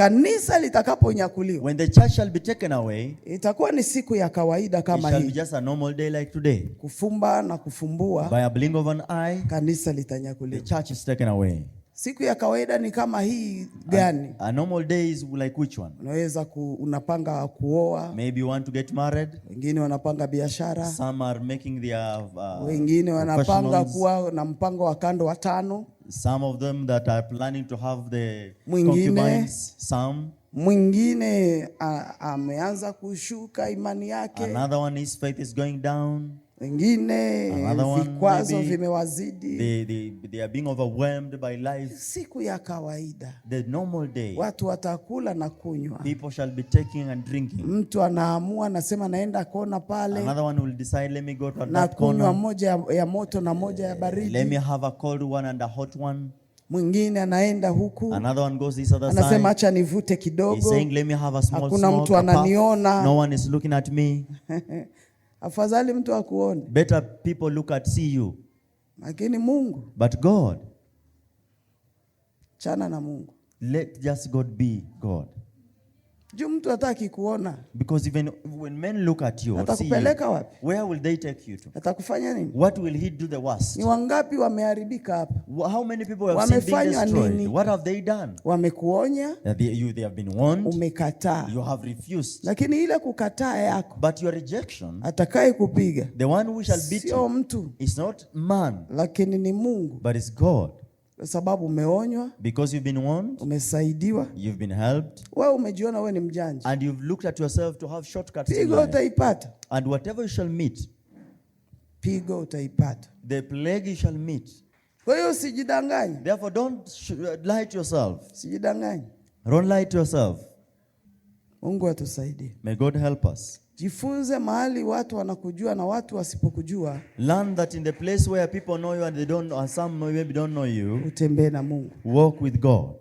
Kanisa litakaponyakuliwa, when the church shall be taken away, itakuwa ni siku ya kawaida kama hii. It shall be just a normal day like today. Kufumba na kufumbua, by a blink of an eye, kanisa litanyakuliwa. The church is taken away. Siku ya kawaida ni kama hii gani? A, a normal day is like which one? Unaweza ku, unapanga kuoa. Maybe you want to get married. Wengine wanapanga biashara. Some are making their uh, wengine wanapanga kuwa na mpango wa kando wa tano. Some of them that are planning to have the mwingine, some. Mwingine ameanza kushuka imani yake. Another one, his faith is going down. Wengine vikwazo vimewazidi. They, they, they are being overwhelmed by life. Siku ya kawaida. The normal day. Watu watakula na kunywa. People shall be taking and drinking. Mtu anaamua nasema naenda kona pale. Another one will decide let me go to that corner. Na kunywa moja ya moto na moja ya eh, baridi. Let me have a cold one and a hot one. Mwingine anaenda huku anasema acha nivute kidogo. He's saying, let me have a small, hakuna mtu ananiona. No one is looking at me. Afadhali mtu akuone. Better people look at see you. Lakini Mungu. But God. Chana na Mungu. Let just God be God. Juu mtu hataki kuona. Because even when men look at you, atakupeleka wapi? Where will they take you to? Atakufanya nini? What will he do the worst? Ni wangapi wameharibika hapa? How many people have seen things destroyed? What have they done? Wamekuonya? They, you, they have been warned. Umekataa. You have refused. Lakini ile kukataa yako. But your rejection. Atakaye kupiga. The one who shall beat you. Sio mtu. not man. Lakini ni Mungu. But it's God sababu umeonywa, because you've been warned, umesaidiwa, you've been helped. Wewe umejiona wewe ni mjanja, and you've looked at yourself to have shortcuts. Pigo utaipata, and whatever you shall meet, pigo utaipata, the plague you shall meet. Kwa hiyo usijidanganye, therefore don't uh, lie to yourself. Usijidanganye, don't lie to yourself. Mungu atusaidie, may God help us. Jifunze mahali watu wanakujua na watu wasipokujua. Learn that in the place where people know you and they don't and some maybe don't know you. Utembee na Mungu. Walk with God.